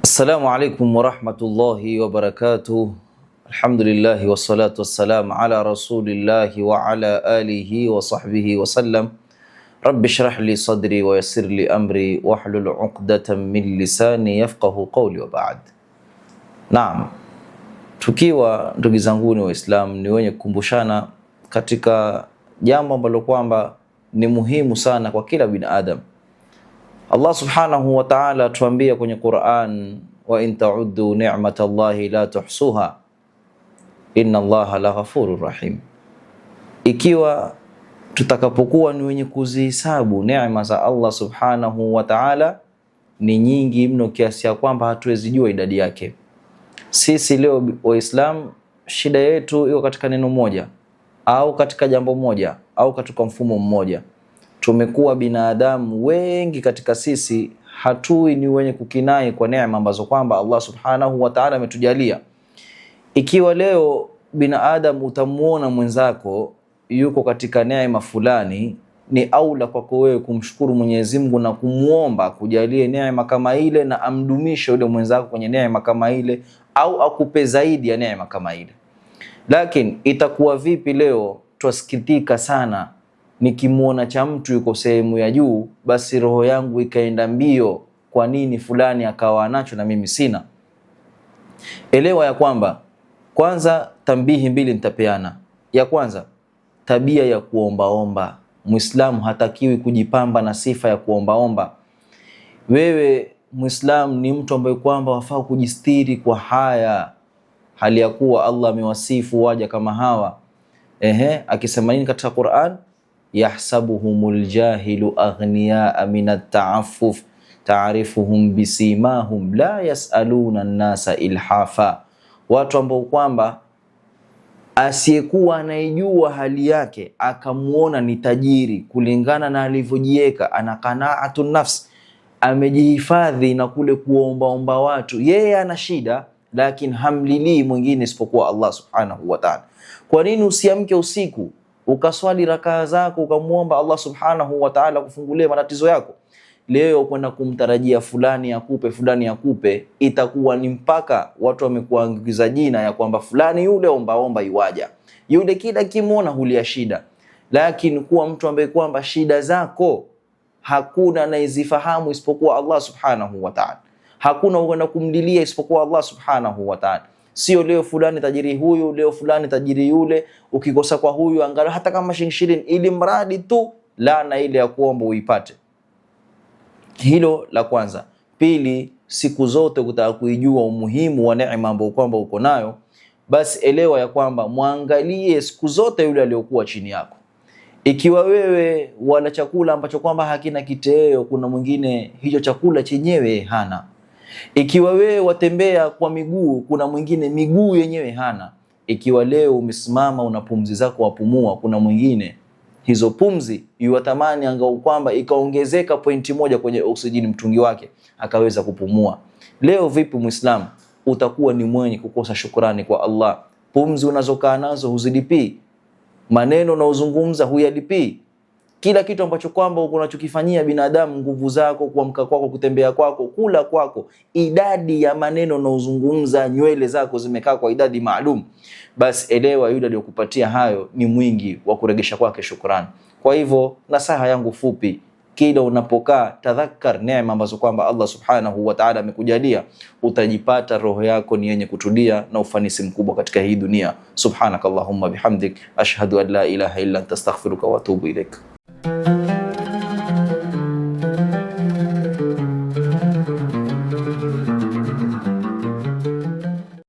Assalamu alaikum warahmatullahi wabarakatuh. Alhamdulillahi wassalatu wassalam ala rasulillahi wa ala alihi wa sahbihi wasallam. Rabbi shrah li sadri wa yassir li amri wahlul uqdatan min lisani yafqahu qawli wa ba'd. Naam, tukiwa ndugu zanguni waislam ni wenye kukumbushana katika jambo ambalo kwamba ni muhimu sana kwa kila binadamu Allah subhanahu wa ta'ala atuambia kwenye Qur'an, wa in ta'uddu ni'mata Allahi la tuhsuha inna Allaha la ghafurur rahim, ikiwa tutakapokuwa ni wenye kuzihisabu neema za Allah subhanahu wa ta'ala ni nyingi mno kiasi ya kwamba hatuwezi jua idadi yake. Sisi leo waislam shida yetu iko katika neno moja au katika jambo moja au katika mfumo mmoja tumekuwa binadamu wengi katika sisi hatui ni wenye kukinai kwa neema ambazo kwamba Allah subhanahu wa ta'ala ametujalia. Ikiwa leo binadamu utamuona mwenzako yuko katika neema fulani, ni aula kwako wewe kumshukuru Mwenyezi Mungu na kumwomba kujalie neema kama ile na amdumishe yule mwenzako kwenye neema kama ile, au akupe zaidi ya neema kama ile. Lakini itakuwa vipi leo twasikitika sana nikimwona cha mtu yuko sehemu ya juu, basi roho yangu ikaenda mbio, kwa nini fulani akawa anacho na mimi sina? Elewa ya kwamba kwanza, tambihi mbili nitapeana. Ya kwanza, tabia ya kuombaomba. Muislamu hatakiwi kujipamba na sifa ya kuombaomba. Wewe Muislamu ni mtu ambaye kwamba wafaa kujistiri kwa haya, hali ya kuwa Allah amewasifu waja kama hawa. Ehe, akisema nini katika Qur'an? yahsabuhumul jahilu aghniyaa min at-ta'affuf taarifuhum bisimahum la yasaluna an-nasa ilhafa, watu ambao kwamba asiyekuwa anaijua hali yake akamwona ni tajiri kulingana na alivyojiweka, ana qanaatu nafsi, amejihifadhi na kule kuombaomba watu, yeye ana shida lakini hamlilii mwingine isipokuwa Allah subhanahu wa ta'ala. Kwa nini usiamke usiku ukaswali rakaa zako ukamwomba Allah subhanahu wa ta'ala kufungulia matatizo yako. Leo kwenda kumtarajia fulani akupe fulani akupe, itakuwa ni mpaka watu wamekuangiza jina ya kwamba fulani yule ombaomba iwaja yule, kila kimwona hulia shida. Lakini kuwa mtu ambaye kwamba shida zako hakuna anayezifahamu isipokuwa Allah subhanahu wa ta'ala, hakuna uenda kumdilia isipokuwa Allah subhanahu wa ta'ala Sio leo fulani tajiri huyu, leo fulani tajiri yule, ukikosa kwa huyu angalau hata kama shilingi ishirini, ili mradi tu laana ile ya kuomba uipate. Hilo la kwanza. Pili, siku zote kutaka kuijua umuhimu wa neema ambayo kwamba uko nayo, basi elewa ya kwamba mwangalie siku zote yule aliyokuwa chini yako. Ikiwa wewe wala chakula ambacho kwamba hakina kiteo, kuna mwingine hicho chakula chenyewe hana. Ikiwa wewe watembea kwa miguu, kuna mwingine miguu yenyewe hana. Ikiwa leo umesimama una pumzi zako wapumua, kuna mwingine hizo pumzi yuwatamani angau kwamba ikaongezeka pointi moja kwenye oksijeni mtungi wake akaweza kupumua. Leo vipi Muislamu, utakuwa ni mwenye kukosa shukrani kwa Allah? Pumzi unazokaa nazo huzilipii, maneno unaozungumza huyalipii kila kitu ambacho kwamba unachokifanyia binadamu, nguvu zako, kuamka kwako, kutembea kwako, kula kwako, idadi ya maneno unaozungumza, nywele zako zimekaa kwa idadi maalum, basi elewa yule aliyokupatia hayo ni mwingi wa kuregesha kwake shukrani. Kwa hivyo nasaha yangu fupi, kila unapokaa tadhakkar neema ambazo kwamba Allah subhanahu wa ta'ala amekujalia, utajipata roho yako ni yenye kutulia na ufanisi mkubwa katika hii dunia. Subhanakallahumma bihamdik ashhadu an la ilaha illa anta astaghfiruka wa atubu ilaik. Thank you.